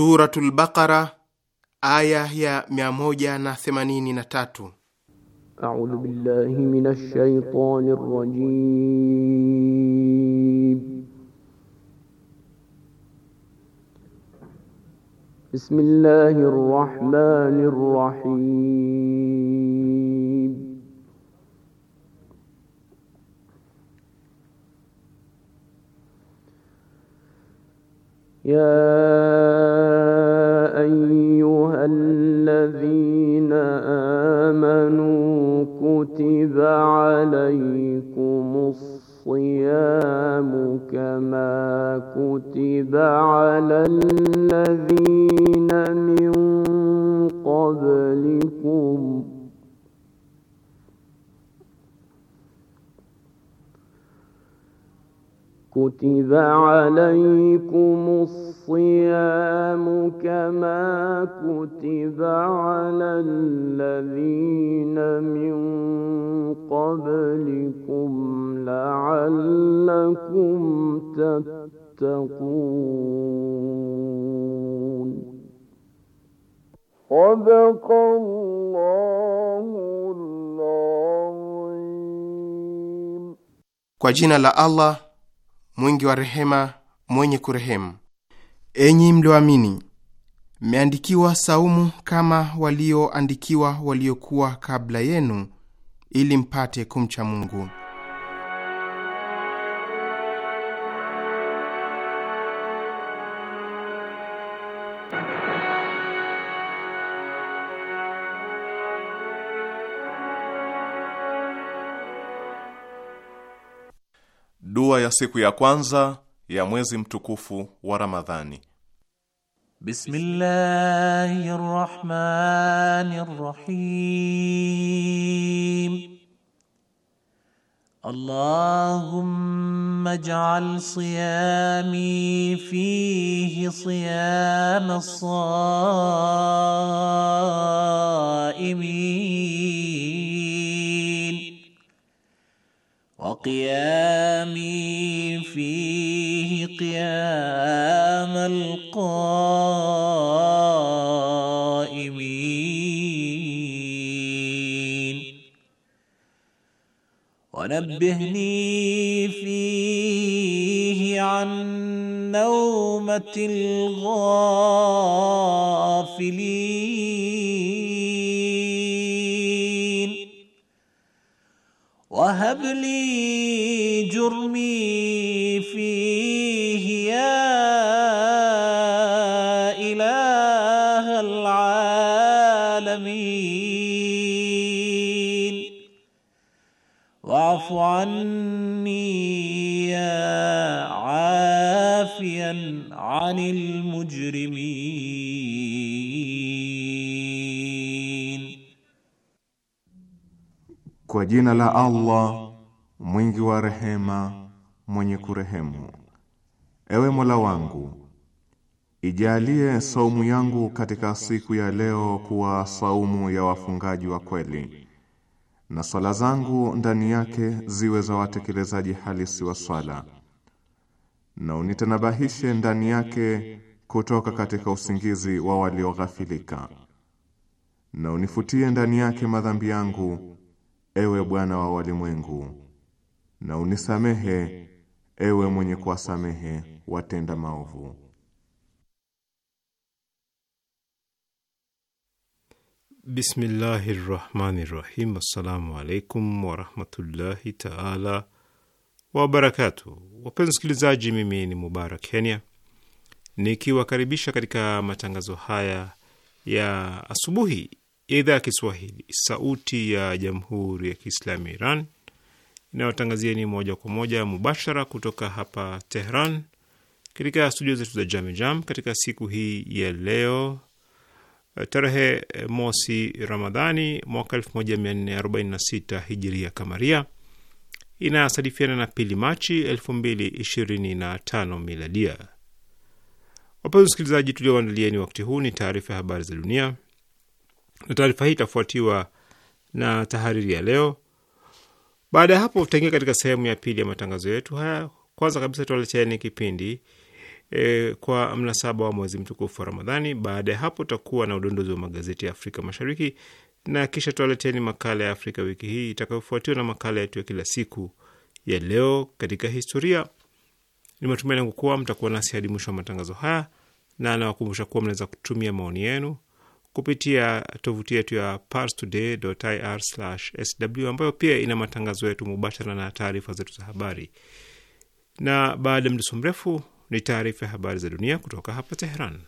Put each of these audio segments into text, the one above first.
Suratul Baqara aya ya 183. A'udhu billahi minash shaitanir rajim. Bismillahir rahmanir rahim. Ya أيها الذين آمنوا كتب عليكم الصيام كما كتب على الذين من قبلكم كتب عليكم الصيام كما كتب على الذين من قبلكم لعلكم تتقون صدق الله Kwa jina la Allah mwingi wa rehema, mwenye kurehemu. Enyi mlioamini, mmeandikiwa saumu kama walioandikiwa waliokuwa kabla yenu, ili mpate kumcha Mungu. dua ya siku ya kwanza ya mwezi mtukufu wa Ramadhani. Bismillahir Rahmanir Rahim. Allahumma ij'al siyami fihi siyama as-saimin وقيامي فيه قيام القائمين ونبهني فيه عن نومه الغافلين وهب لي جرمي فيه يا إله العالمين واعف عني يا عافيا عن المجرمين Kwa jina la Allah mwingi wa rehema, mwenye kurehemu. Ewe Mola wangu, ijalie saumu yangu katika siku ya leo kuwa saumu ya wafungaji wa kweli, na swala zangu ndani yake ziwe za watekelezaji halisi wa swala, na unitanabahishe ndani yake kutoka katika usingizi wa walioghafilika, na unifutie ndani yake madhambi yangu ewe Bwana wa walimwengu, na unisamehe, ewe mwenye kuwasamehe watenda maovu. Bismillahi rrahmani rrahim. Assalamu alaikum warahmatullahi taala wabarakatu. Wapenzi wasikilizaji, mimi ni Mubarak Kenya nikiwakaribisha katika matangazo haya ya asubuhi ya idhaa ya Kiswahili, Sauti ya Jamhuri ya Kiislamu ya Iran inayotangazia ni moja kwa moja mubashara kutoka hapa Tehran katika studio zetu za Jam katika siku hii ya leo eh, tarehe mosi Ramadhani mwaka 1446 hijiria kamaria inasadifiana na pili Machi 2025 miladia. Wapenzi tulioandalia tulioandalieni wakati huu ni taarifa ya habari za dunia na taarifa hii itafuatiwa na tahariri ya leo. Baada ya hapo, tutaingia katika sehemu ya pili ya matangazo yetu haya. Kwanza kabisa, tutawaleteni kipindi e, kwa mnasaba wa mwezi mtukufu wa Ramadhani. Baada ya hapo, tutakuwa na udondozi wa magazeti ya Afrika Mashariki na kisha tutawaleteni makala ya Afrika wiki hii itakayofuatiwa na makala yetu ya kila siku ya leo katika historia. Ni matumaini yangu kuwa mtakuwa nasi hadi mwisho wa matangazo haya, na nawakumbusha kuwa mnaweza kutumia maoni yenu kupitia tovuti yetu ya parstoday.ir/sw ambayo pia ina matangazo yetu mubashara na taarifa zetu za habari. Na baada ya mdoso mrefu ni taarifa ya habari za dunia kutoka hapa Teheran.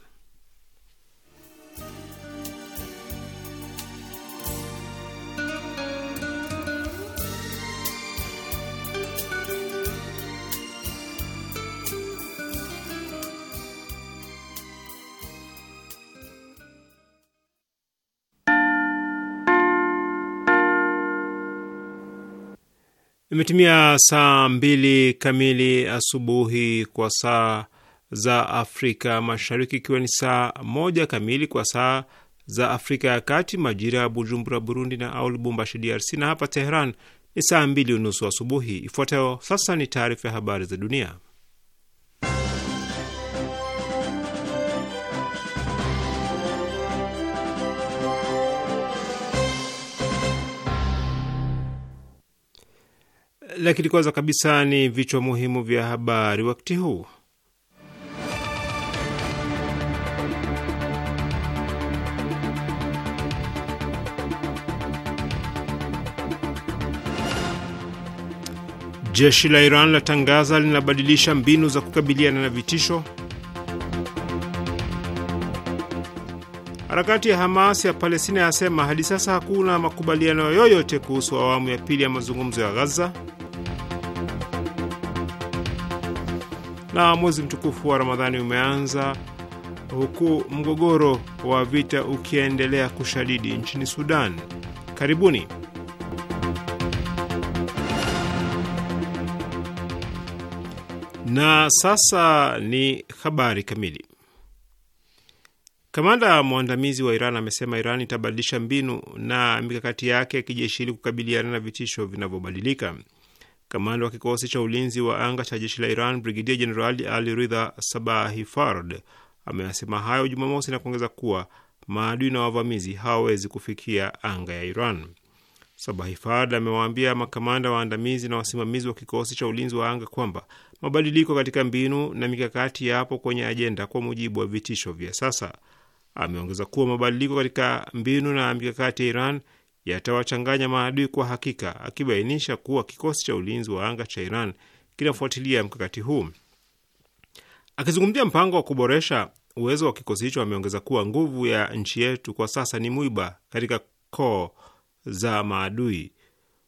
Imetimia saa mbili kamili asubuhi kwa saa za Afrika Mashariki, ikiwa ni saa moja kamili kwa saa za Afrika ya Kati, majira ya Bujumbura, Burundi na au Lubumbashi, DRC, na hapa Teheran ni saa mbili unusu asubuhi. Ifuatayo sasa ni taarifa ya habari za dunia. lakini kwanza kabisa ni vichwa muhimu vya habari wakati huu. Jeshi la Iran latangaza linabadilisha mbinu za kukabiliana na vitisho. Harakati ya Hamas ya Palestina yasema hadi sasa hakuna makubaliano yoyote kuhusu awamu ya pili ya mazungumzo ya Gaza. na mwezi mtukufu wa Ramadhani umeanza huku mgogoro wa vita ukiendelea kushadidi nchini Sudan. Karibuni. Na sasa ni habari kamili. Kamanda mwandamizi wa Iran amesema Iran itabadilisha mbinu na mikakati yake ya kijeshi ili kukabiliana na vitisho vinavyobadilika. Kamanda wa kikosi cha ulinzi wa anga cha jeshi la Iran, Brigedia Jenerali Ali Ridha Sabahifard ameyasema hayo Jumamosi na kuongeza kuwa maadui na wavamizi hawawezi kufikia anga ya Iran. Sabahifard amewaambia makamanda waandamizi na wasimamizi wa kikosi cha ulinzi wa anga kwamba mabadiliko katika mbinu na mikakati yapo kwenye ajenda kwa mujibu wa vitisho vya sasa. Ameongeza kuwa mabadiliko katika mbinu na mikakati ya Iran yatawachanganya maadui kwa hakika, akibainisha kuwa kikosi cha ulinzi wa anga cha Iran kinafuatilia mkakati huu. Akizungumzia mpango wa kuboresha uwezo wa kikosi hicho, ameongeza kuwa nguvu ya nchi yetu kwa sasa ni mwiba katika koo za maadui.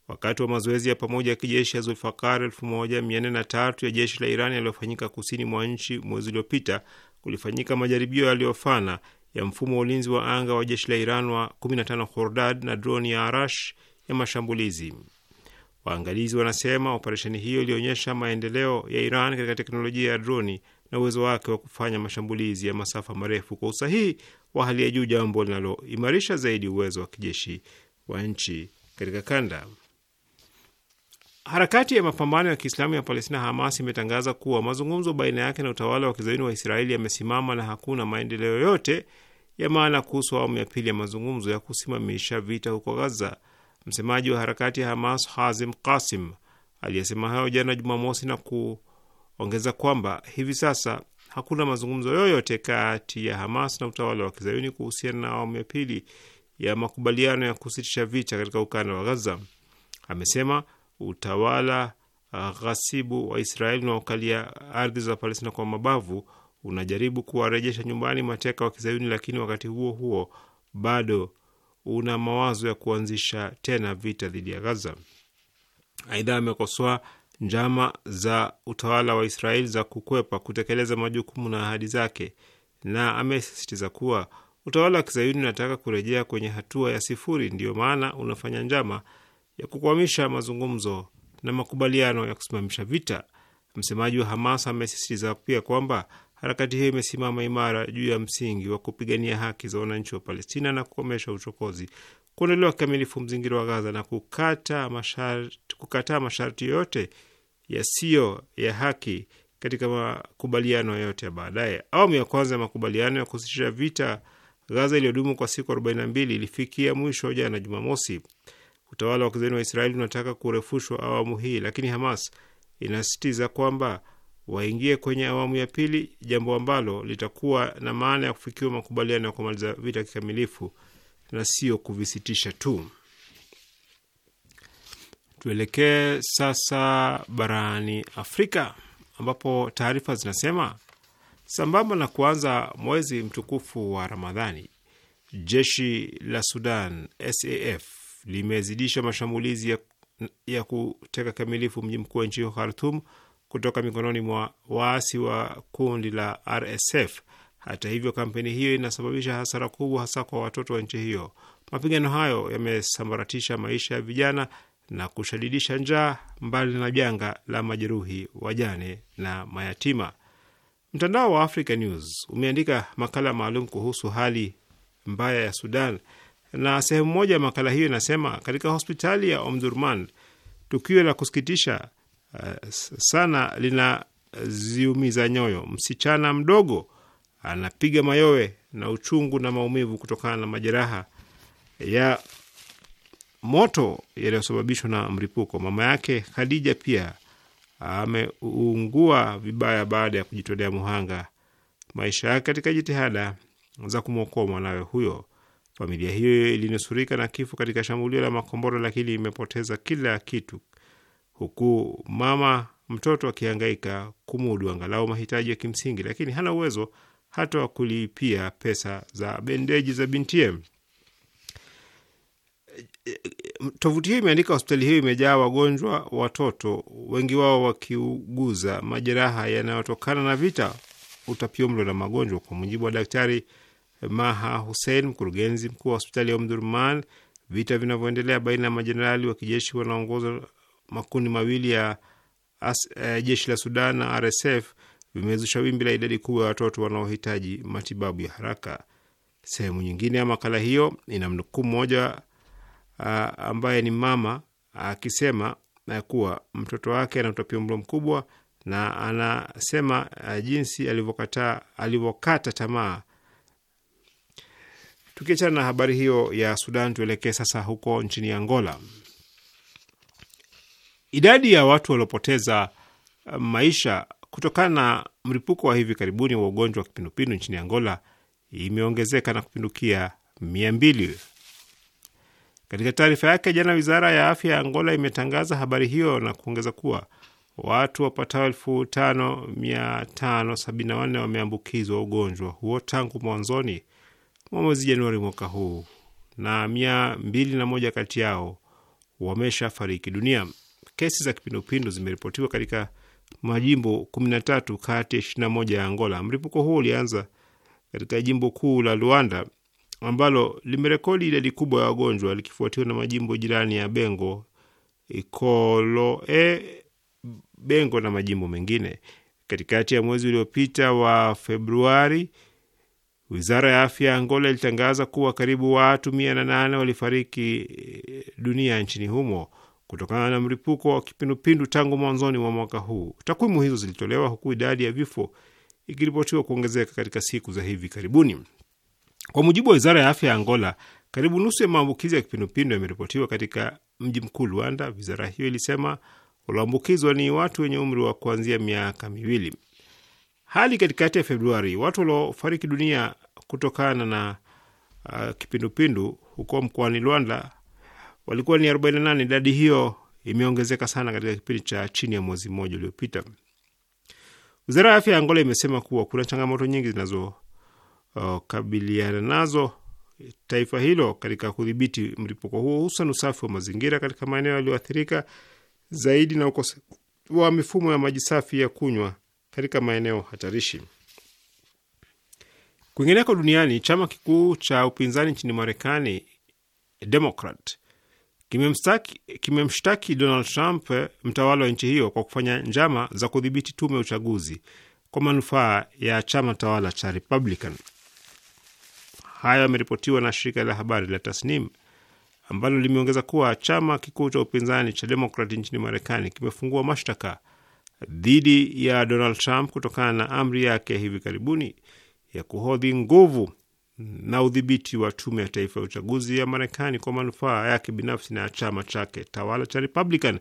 Wakati wa mazoezi ya pamoja ya kijeshi ya Zulfakar 1403 ya jeshi la Iran yaliyofanyika kusini mwa nchi mwezi uliopita, kulifanyika majaribio yaliyofana ya mfumo wa ulinzi wa anga wa jeshi la Iran wa 15 Khordad na droni ya Arash ya mashambulizi. Waangalizi wanasema operesheni hiyo ilionyesha maendeleo ya Iran katika teknolojia ya droni na uwezo wake wa kufanya mashambulizi ya masafa marefu kwa usahihi wa hali ya juu, jambo linaloimarisha zaidi uwezo wa kijeshi wa nchi katika kanda. Harakati ya mapambano ya Kiislamu ya Palestina, Hamas, imetangaza kuwa mazungumzo baina yake na utawala wa kizayuni wa Israeli yamesimama na hakuna maendeleo yote ya maana kuhusu awamu ya pili ya mazungumzo ya kusimamisha vita huko Gaza. Msemaji wa harakati ya Hamas Hazim Qasim aliyesema hayo jana Jumamosi na kuongeza kwamba hivi sasa hakuna mazungumzo yoyote kati ya Hamas na utawala wa kizayuni kuhusiana na awamu ya pili ya makubaliano ya kusitisha vita katika ukanda wa Gaza. Amesema utawala ah, ghasibu wa Israeli unaokalia ardhi za Palestina kwa mabavu unajaribu kuwarejesha nyumbani mateka wa kizayuni, lakini wakati huo huo bado una mawazo ya kuanzisha tena vita dhidi ya Gaza. Aidha, amekosoa njama za utawala wa Israeli za kukwepa kutekeleza majukumu na ahadi zake, na amesisitiza kuwa utawala wa kizayuni unataka kurejea kwenye hatua ya sifuri, ndiyo maana unafanya njama ya kukwamisha mazungumzo na makubaliano ya kusimamisha vita. Msemaji wa Hamas amesisitiza pia kwamba harakati hiyo imesimama imara juu ya msingi wa kupigania haki za wananchi wa Palestina na kukomesha uchokozi, kuondolewa kikamilifu mzingira wa Gaza na kukataa masharti, kukataa masharti yote yasiyo ya haki katika makubaliano yote ya baadaye. Awamu ya kwanza ya makubaliano ya kusitisha vita Gaza iliyodumu kwa siku 42 ilifikia mwisho jana Jumamosi. Utawala wa kizeni wa Israeli unataka kurefushwa awamu hii, lakini Hamas inasisitiza kwamba waingie kwenye awamu ya pili, jambo ambalo litakuwa na maana ya kufikiwa makubaliano ya kumaliza vita kikamilifu na sio kuvisitisha tu. Tuelekee sasa barani Afrika ambapo taarifa zinasema sambamba na kuanza mwezi mtukufu wa Ramadhani, jeshi la Sudan SAF limezidisha mashambulizi ya, ya kuteka kamilifu mji mkuu wa nchi hiyo Khartum kutoka mikononi mwa waasi wa kundi la RSF. Hata hivyo, kampeni hiyo inasababisha hasara kubwa, hasa kwa watoto wa nchi hiyo. Mapigano hayo yamesambaratisha maisha ya vijana na kushadidisha njaa, mbali na janga la majeruhi, wajane na mayatima. Mtandao wa Africa News umeandika makala maalum kuhusu hali mbaya ya Sudan, na sehemu moja ya makala hiyo inasema, katika hospitali ya Omdurman tukio la kusikitisha Eh, sana linaziumiza nyoyo. Msichana mdogo anapiga mayowe na uchungu na maumivu kutokana na majeraha ya moto yaliyosababishwa na mlipuko. Mama yake Khadija pia ameungua vibaya baada ya kujitolea muhanga maisha yake katika jitihada za kumwokoa mwanawe huyo. Familia hiyo ilinusurika na kifo katika shambulio la makombora, lakini imepoteza kila kitu huku mama mtoto akihangaika kumudu angalau mahitaji ya kimsingi, lakini hana uwezo hata wa kulipia pesa za bendeji za bintie. Tovuti hiyo imeandika, hospitali hiyo imejaa wagonjwa watoto, wengi wao wakiuguza majeraha yanayotokana na vita, utapiamlo na magonjwa. Kwa mujibu wa Daktari Maha Hussein, mkurugenzi mkuu wa hospitali ya Omdurman, vita vinavyoendelea baina ya majenerali wa kijeshi wanaongoza makundi mawili ya uh, jeshi la Sudan na RSF vimezusha wimbi la idadi kubwa ya watoto wanaohitaji matibabu ya haraka. Sehemu nyingine ya makala hiyo ina mnukuu mmoja uh, ambaye ni mama akisema uh, kuwa mtoto wake ana utapiamlo mkubwa na anasema uh, jinsi alivyokata tamaa. Tukiachana na habari hiyo ya Sudan, tuelekee sasa huko nchini Angola. Idadi ya watu waliopoteza eh, maisha kutokana na mlipuko wa hivi karibuni wa ugonjwa wa kipindupindu nchini Angola imeongezeka na kupindukia mia mbili. Katika taarifa yake jana, wizara ya afya ya Angola imetangaza habari hiyo na kuongeza kuwa watu wapatao elfu tano mia tano sabini na wanne wameambukizwa ugonjwa huo tangu mwanzoni mwa mwezi Januari mwaka huu na mia mbili na moja kati yao wameshafariki dunia kesi za kipindupindu zimeripotiwa katika majimbo 13 kati ya 21 ya Angola. Mlipuko huo ulianza katika jimbo kuu la Luanda ambalo limerekodi idadi kubwa ya wagonjwa likifuatiwa na majimbo jirani ya Bengo, Ikoloe, Bengo na majimbo mengine. Katikati ya mwezi uliopita wa Februari, wizara ya afya ya Angola ilitangaza kuwa karibu watu mia nane walifariki dunia nchini humo kutokana na mlipuko wa kipindupindu tangu mwanzoni mwa mwaka huu. Takwimu hizo zilitolewa huku idadi ya vifo ikiripotiwa kuongezeka katika siku za hivi karibuni. Kwa mujibu wa wizara ya afya ya Angola, karibu nusu ya maambukizi ya kipindupindu yameripotiwa katika mji mkuu Luanda. Wizara hiyo ilisema walioambukizwa ni watu wenye umri wa kuanzia miaka miwili. Hali katikati ya Februari, watu waliofariki dunia kutokana na uh, kipindupindu huko mkoani Luanda walikuwa ni 48. Idadi hiyo imeongezeka sana katika kipindi cha chini ya mwezi mmoja uliopita. Wizara ya afya ya Angola imesema kuwa kuna changamoto nyingi zinazokabiliana uh, nazo taifa hilo katika kudhibiti mlipuko huo, hususan usafi wa mazingira katika maeneo yaliyoathirika zaidi na ukosefu wa mifumo ya maji safi ya kunywa katika maeneo hatarishi. Kwingineko duniani, chama kikuu cha upinzani nchini Marekani Democrat kimemshtaki Donald Trump, eh, mtawala wa nchi hiyo, kwa kufanya njama za kudhibiti tume ya uchaguzi kwa manufaa ya chama tawala cha Republican. Hayo yameripotiwa na shirika la habari la Tasnim ambalo limeongeza kuwa chama kikuu cha upinzani cha Demokrat nchini Marekani kimefungua mashtaka dhidi ya Donald Trump kutokana na amri yake hivi karibuni ya kuhodhi nguvu na udhibiti wa tume ya taifa ya uchaguzi ya Marekani kwa manufaa yake binafsi na ya chama chake tawala cha Republican.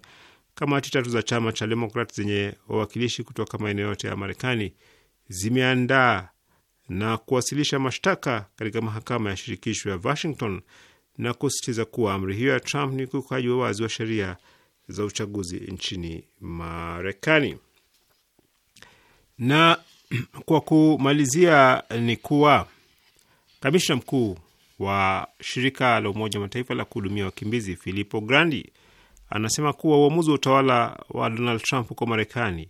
Kamati tatu za chama cha Demokrat zenye wawakilishi kutoka maeneo yote ya Marekani zimeandaa na kuwasilisha mashtaka katika mahakama ya shirikisho ya Washington na kusisitiza kuwa amri hiyo ya Trump ni ukiukaji wa wazi wa sheria za uchaguzi nchini Marekani. Na kwa kumalizia ni kuwa Kamishna mkuu wa shirika la Umoja wa Mataifa la kuhudumia wakimbizi Filippo Grandi anasema kuwa uamuzi wa utawala wa Donald Trump huko Marekani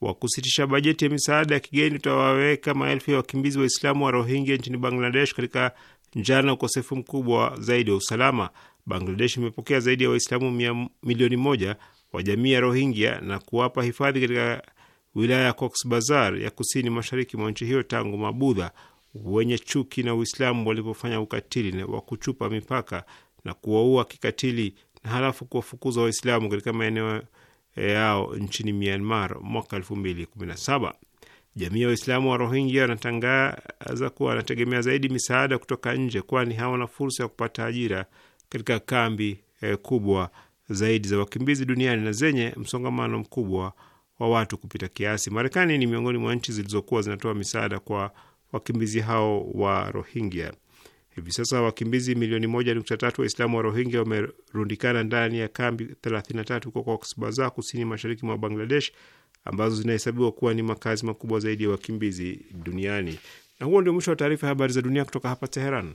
wa kusitisha bajeti ya misaada ya kigeni utawaweka maelfu ya wakimbizi Waislamu wa Rohingya nchini Bangladesh katika njaa na ukosefu mkubwa zaidi wa usalama. Bangladesh imepokea zaidi ya Waislamu milioni moja wa jamii ya Rohingya na kuwapa hifadhi katika wilaya ya Cox Bazar ya kusini mashariki mwa nchi hiyo tangu mabudha wenye chuki na Uislamu walivyofanya ukatili wa kuchupa mipaka na kuwaua kikatili na halafu kuwafukuza Waislamu katika maeneo eh, yao nchini Myanmar mwaka 2017. Jamii ya Waislamu wa Rohingya wanatangaza kuwa wanategemea zaidi misaada kutoka nje, kwani hawana fursa ya kupata ajira katika kambi eh, kubwa zaidi za wakimbizi duniani na zenye msongamano mkubwa wa watu kupita kiasi. Marekani ni miongoni mwa nchi zilizokuwa zinatoa misaada kwa wakimbizi hao wa Rohingya. Hivi sasa wakimbizi milioni moja nukta tatu Waislamu wa Rohingya wamerundikana ndani ya kambi 33 huko Cox's Bazar, kusini mashariki mwa Bangladesh, ambazo zinahesabiwa kuwa ni makazi makubwa zaidi ya wakimbizi duniani. Na huo ndio mwisho wa taarifa ya habari za dunia kutoka hapa Teheran.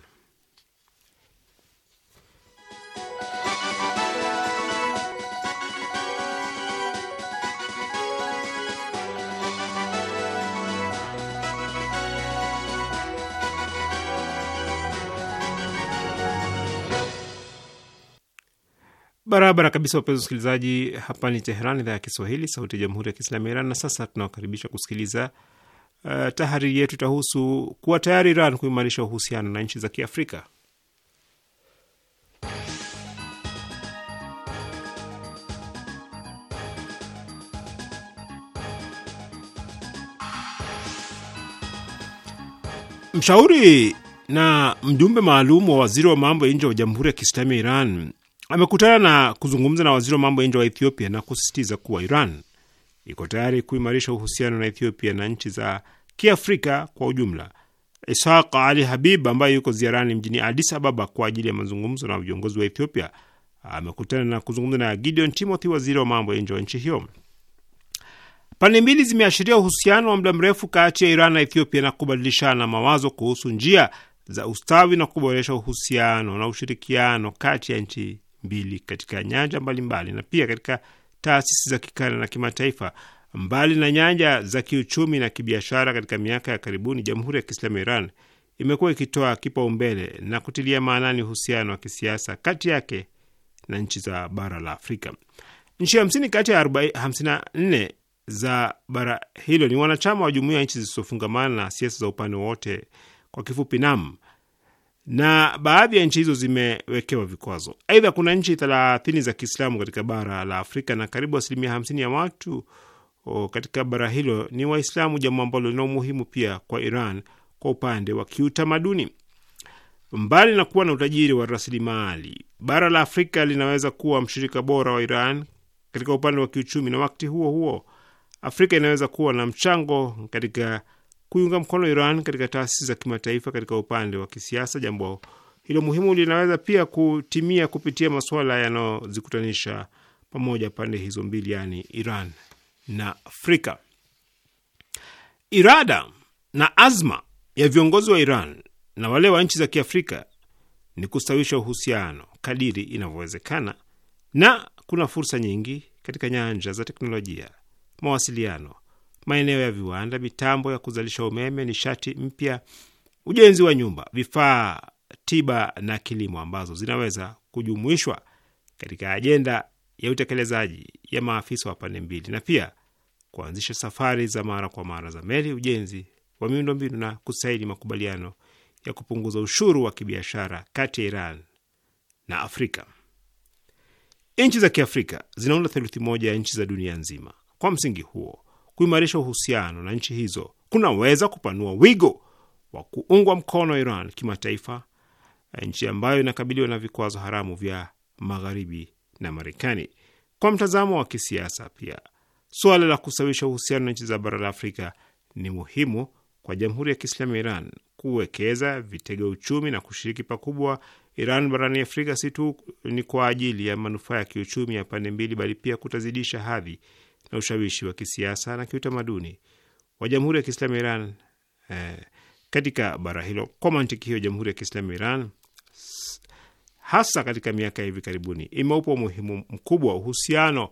Barabara kabisa, wapenzi wasikilizaji, hapa ni Teheran, idhaa ya Kiswahili, sauti ya jamhuri ya kiislamu ya Iran. Na sasa tunawakaribisha kusikiliza uh, tahariri yetu itahusu kuwa tayari Iran kuimarisha uhusiano na nchi za Kiafrika. Mshauri na mjumbe maalum wa waziri wa mambo ya nje wa Jamhuri ya Kiislamu ya Iran amekutana na kuzungumza na waziri wa mambo ya nje wa Ethiopia na kusisitiza kuwa Iran iko tayari kuimarisha uhusiano na Ethiopia na nchi za Kiafrika kwa ujumla. Isaq Ali Habib ambaye yuko ziarani mjini Addis Ababa kwa ajili ya mazungumzo na viongozi wa Ethiopia amekutana na kuzungumza na Gideon Timothy, waziri wa mambo ya nje wa nchi hiyo. Pande mbili zimeashiria uhusiano wa muda mrefu kati ya Iran na Ethiopia na kubadilishana mawazo kuhusu njia za ustawi na kuboresha uhusiano na ushirikiano kati ya nchi mbili katika nyanja mbalimbali na pia katika taasisi za kikanda na kimataifa. Mbali na nyanja za kiuchumi na kibiashara, katika miaka ya karibuni Jamhuri ya Kiislamu ya Iran imekuwa ikitoa kipaumbele na kutilia maanani uhusiano wa kisiasa kati yake na nchi za bara la Afrika. Nchi hamsini kati ya 54 za bara hilo ni wanachama wa jumuia ya nchi zisizofungamana na siasa za upande wote, kwa kifupi NAM na baadhi ya nchi hizo zimewekewa vikwazo. Aidha, kuna nchi thelathini za Kiislamu katika bara la Afrika na karibu asilimia hamsini ya watu o katika bara hilo ni Waislamu, jambo ambalo lina umuhimu pia kwa Iran kwa upande wa kiutamaduni. Mbali na kuwa na utajiri wa rasilimali, bara la Afrika linaweza kuwa mshirika bora wa Iran katika upande wa kiuchumi, na wakati huo huo Afrika inaweza kuwa na mchango katika kuiunga mkono Iran katika taasisi za kimataifa katika upande wa kisiasa. Jambo hilo muhimu linaweza pia kutimia kupitia masuala yanayozikutanisha pamoja pande hizo mbili, yaani Iran na Afrika. Irada na azma ya viongozi wa Iran na wale wa nchi za Kiafrika ni kustawisha uhusiano kadiri inavyowezekana, na kuna fursa nyingi katika nyanja za teknolojia, mawasiliano maeneo ya viwanda, mitambo ya kuzalisha umeme, nishati mpya, ujenzi wa nyumba, vifaa tiba na kilimo, ambazo zinaweza kujumuishwa katika ajenda ya utekelezaji ya maafisa wa pande mbili, na pia kuanzisha safari za mara kwa mara za meli, ujenzi wa miundombinu na kusaini makubaliano ya kupunguza ushuru wa kibiashara kati ya Iran na Afrika. Nchi za Kiafrika zinaunda theluthi moja ya nchi za dunia nzima. Kwa msingi huo, kuimarisha uhusiano na nchi hizo kunaweza kupanua wigo wa kuungwa mkono Iran kimataifa, nchi ambayo inakabiliwa na vikwazo haramu vya Magharibi na Marekani. Kwa mtazamo wa kisiasa pia, suala la kusawisha uhusiano na nchi za bara la Afrika ni muhimu kwa Jamhuri ya Kiislamu ya Iran kuwekeza vitega uchumi na kushiriki pakubwa Iran barani Afrika si tu ni kwa ajili ya manufaa ya kiuchumi ya pande mbili, bali pia kutazidisha hadhi na ushawishi wa kisiasa na kiutamaduni wa Jamhuri ya Kiislamu ya Iran eh, katika bara hilo. Kwa mantiki hiyo, Jamhuri ya Kiislamu ya Iran hasa katika miaka ya hivi karibuni imeupa umuhimu mkubwa uhusiano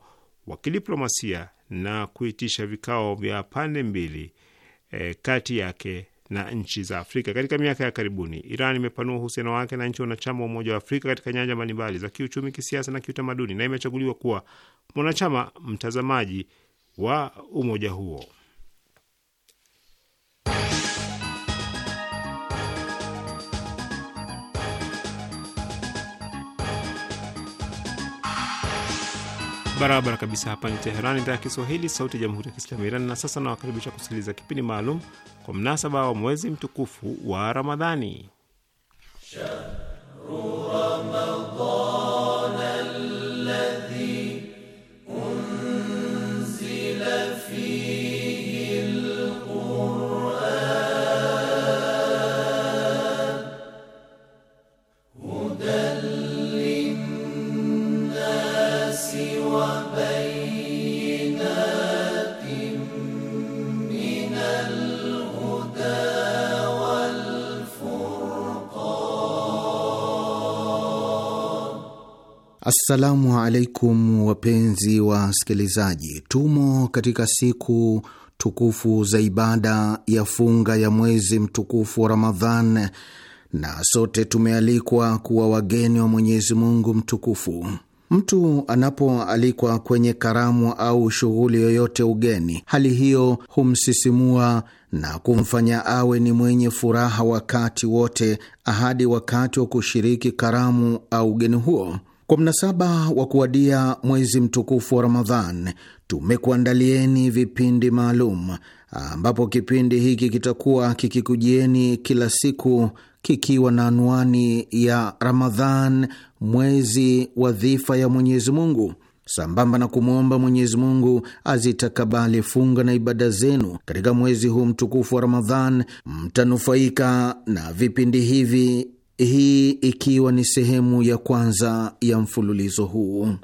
wa kidiplomasia na kuitisha vikao vya pande mbili eh, kati yake na nchi za Afrika. Katika miaka ya karibuni, Iran imepanua uhusiano wake na nchi wanachama wa Umoja wa Afrika katika nyanja mbalimbali za kiuchumi, kisiasa na kiutamaduni, na imechaguliwa kuwa mwanachama mtazamaji wa umoja huo. barabara kabisa. Hapa ni Teheran, idhaa ya Kiswahili, sauti ya jamhuri ya kiislamu Iran. Na sasa nawakaribisha kusikiliza kipindi maalum kwa mnasaba wa mwezi mtukufu wa Ramadhani. Shahru Ramadhan. Assalamu alaikum wapenzi wa wasikilizaji, tumo katika siku tukufu za ibada ya funga ya mwezi mtukufu wa Ramadhan na sote tumealikwa kuwa wageni wa Mwenyezi Mungu mtukufu. Mtu anapoalikwa kwenye karamu au shughuli yoyote ugeni, hali hiyo humsisimua na kumfanya awe ni mwenye furaha wakati wote, ahadi wakati wa kushiriki karamu au ugeni huo. Kwa mnasaba wa kuwadia mwezi mtukufu wa Ramadhan, tumekuandalieni vipindi maalum ambapo kipindi hiki kitakuwa kikikujieni kila siku kikiwa na anwani ya Ramadhan, mwezi wa dhifa ya Mwenyezi Mungu, sambamba na kumwomba Mwenyezi Mungu azitakabali funga na ibada zenu katika mwezi huu mtukufu wa Ramadhan. Mtanufaika na vipindi hivi hii ikiwa ni sehemu ya kwanza ya mfululizo huu.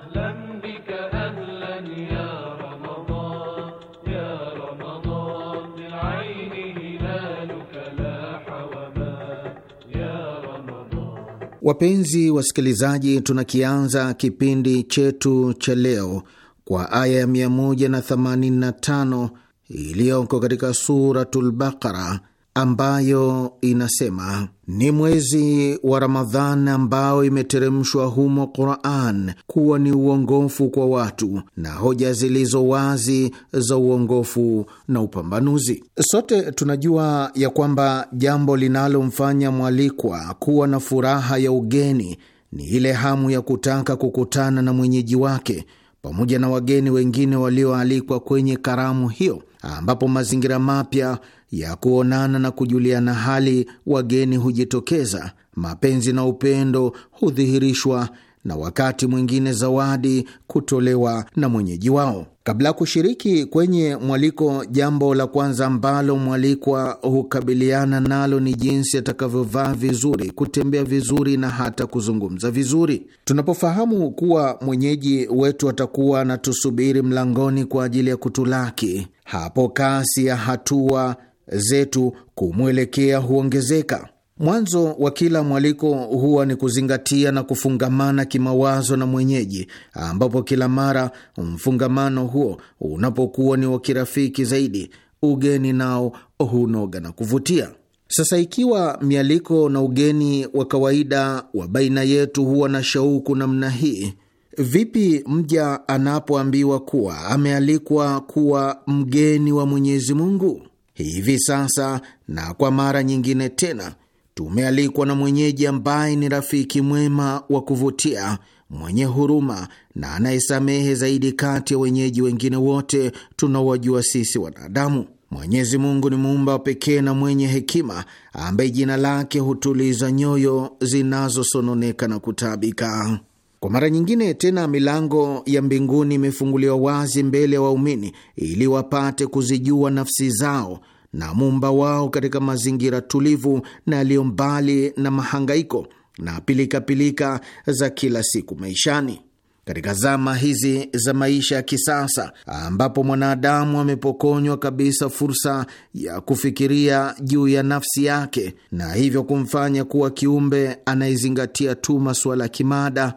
Wapenzi wasikilizaji, tunakianza kipindi chetu cha leo kwa aya ya 185 iliyoko katika Suratul Baqara ambayo inasema ni mwezi wa Ramadhan ambao imeteremshwa humo Quran kuwa ni uongofu kwa watu na hoja zilizo wazi za uongofu na upambanuzi. Sote tunajua ya kwamba jambo linalomfanya mwalikwa kuwa na furaha ya ugeni ni ile hamu ya kutaka kukutana na mwenyeji wake pamoja na wageni wengine walioalikwa kwenye karamu hiyo, ambapo mazingira mapya ya kuonana na kujuliana hali, wageni hujitokeza, mapenzi na upendo hudhihirishwa, na wakati mwingine zawadi kutolewa na mwenyeji wao. Kabla ya kushiriki kwenye mwaliko, jambo la kwanza ambalo mwalikwa hukabiliana nalo ni jinsi atakavyovaa vizuri, kutembea vizuri na hata kuzungumza vizuri. Tunapofahamu kuwa mwenyeji wetu atakuwa anatusubiri mlangoni kwa ajili ya kutulaki, hapo kasi ya hatua zetu kumwelekea huongezeka. Mwanzo wa kila mwaliko huwa ni kuzingatia na kufungamana kimawazo na mwenyeji, ambapo kila mara mfungamano huo unapokuwa ni wa kirafiki zaidi, ugeni nao hunoga na kuvutia. Sasa ikiwa mialiko na ugeni wa kawaida wa baina yetu huwa na shauku namna hii, vipi mja anapoambiwa kuwa amealikwa kuwa mgeni wa Mwenyezi Mungu? Hivi sasa na kwa mara nyingine tena tumealikwa na mwenyeji ambaye ni rafiki mwema wa kuvutia, mwenye huruma na anayesamehe zaidi kati ya wenyeji wengine wote tunaowajua sisi wanadamu. Mwenyezi Mungu ni muumba wa pekee na mwenye hekima ambaye jina lake hutuliza nyoyo zinazosononeka na kutabika. Kwa mara nyingine tena, milango ya mbinguni imefunguliwa wazi mbele ya wa waumini ili wapate kuzijua nafsi zao na muumba wao katika mazingira tulivu na yaliyo mbali na mahangaiko na pilikapilika pilika za kila siku maishani. Katika zama hizi za maisha ya kisasa ambapo mwanadamu amepokonywa kabisa fursa ya kufikiria juu ya nafsi yake na hivyo kumfanya kuwa kiumbe anayezingatia tu masuala ya kimada,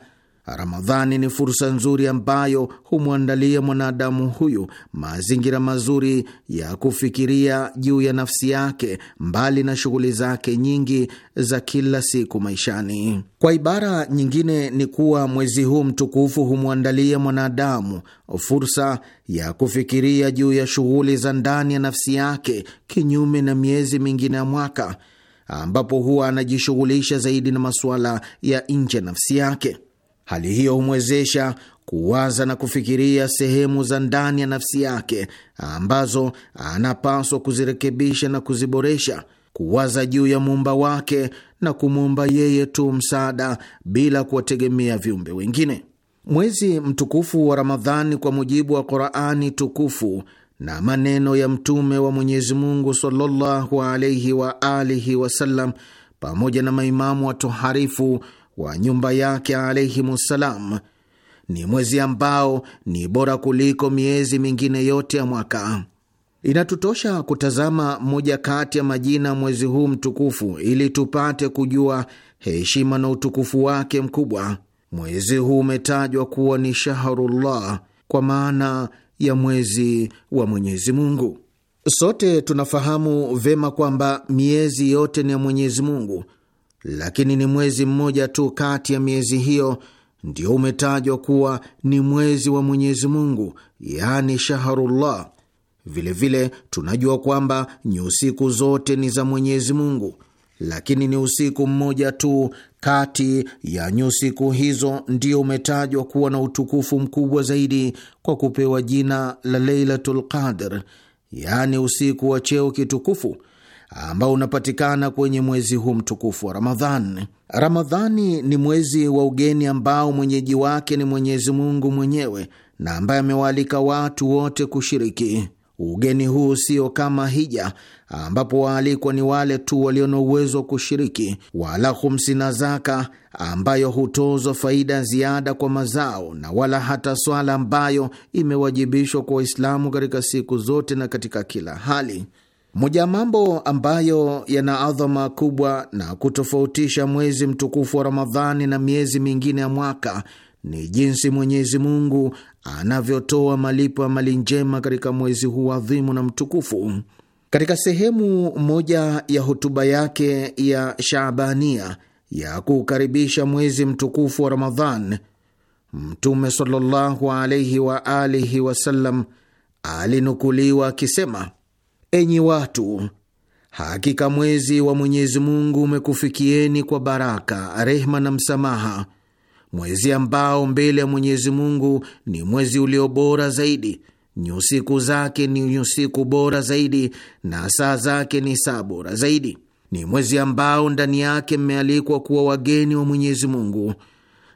Ramadhani ni fursa nzuri ambayo humwandalia mwanadamu huyu mazingira mazuri ya kufikiria juu ya nafsi yake, mbali na shughuli zake nyingi za kila siku maishani. Kwa ibara nyingine, ni kuwa mwezi huu mtukufu humwandalia mwanadamu fursa ya kufikiria juu ya shughuli za ndani ya nafsi yake, kinyume na miezi mingine ya mwaka ambapo huwa anajishughulisha zaidi na masuala ya nje ya nafsi yake. Hali hiyo humwezesha kuwaza na kufikiria sehemu za ndani ya nafsi yake ambazo anapaswa kuzirekebisha na kuziboresha, kuwaza juu ya muumba wake na kumwomba yeye tu msaada bila kuwategemea viumbe wengine. Mwezi mtukufu wa Ramadhani, kwa mujibu wa Qurani tukufu na maneno ya Mtume wa Mwenyezi Mungu sallallahu alaihi wa alihi wasallam, pamoja na maimamu watoharifu wa nyumba yake alaihimussalam. Ni mwezi ambao ni bora kuliko miezi mingine yote ya mwaka. Inatutosha kutazama moja kati ya majina mwezi huu mtukufu ili tupate kujua heshima na utukufu wake mkubwa. Mwezi huu umetajwa kuwa ni Shahrullah kwa maana ya mwezi wa Mwenyezi Mungu. Sote tunafahamu vema kwamba miezi yote ni ya Mwenyezi Mungu lakini ni mwezi mmoja tu kati ya miezi hiyo ndio umetajwa kuwa ni mwezi wa Mwenyezi Mungu, yaani Shahrullah. Vilevile vile, tunajua kwamba nyusiku zote ni za Mwenyezi Mungu, lakini ni usiku mmoja tu kati ya nyusiku hizo ndio umetajwa kuwa na utukufu mkubwa zaidi kwa kupewa jina la Lailatul Qadr, yaani usiku wa cheo kitukufu ambao unapatikana kwenye mwezi huu mtukufu wa Ramadhani. Ramadhani ni mwezi wa ugeni ambao mwenyeji wake ni Mwenyezi Mungu mwenyewe na ambaye amewaalika watu wote kushiriki ugeni huu. Sio kama hija ambapo waalikwa ni wale tu walio na uwezo wa kushiriki, wala khumsi na zaka ambayo hutozwa faida ziada kwa mazao, na wala hata swala ambayo imewajibishwa kwa Waislamu katika siku zote na katika kila hali. Moja ya mambo ambayo yana adhama kubwa na kutofautisha mwezi mtukufu wa Ramadhani na miezi mingine ya mwaka ni jinsi Mwenyezi Mungu anavyotoa malipo ya mali njema katika mwezi huu adhimu na mtukufu. Katika sehemu moja ya hotuba yake ya shabania ya kukaribisha mwezi mtukufu wa Ramadhan, Mtume sallallahu alaihi wa alihi wasallam alinukuliwa akisema enyi watu, hakika mwezi wa Mwenyezi Mungu umekufikieni kwa baraka, rehma na msamaha, mwezi ambao mbele ya Mwenyezi Mungu ni mwezi ulio bora zaidi, nyusiku zake ni nyusiku bora zaidi na saa zake ni saa bora zaidi. Ni mwezi ambao ndani yake mmealikwa kuwa wageni wa Mwenyezi Mungu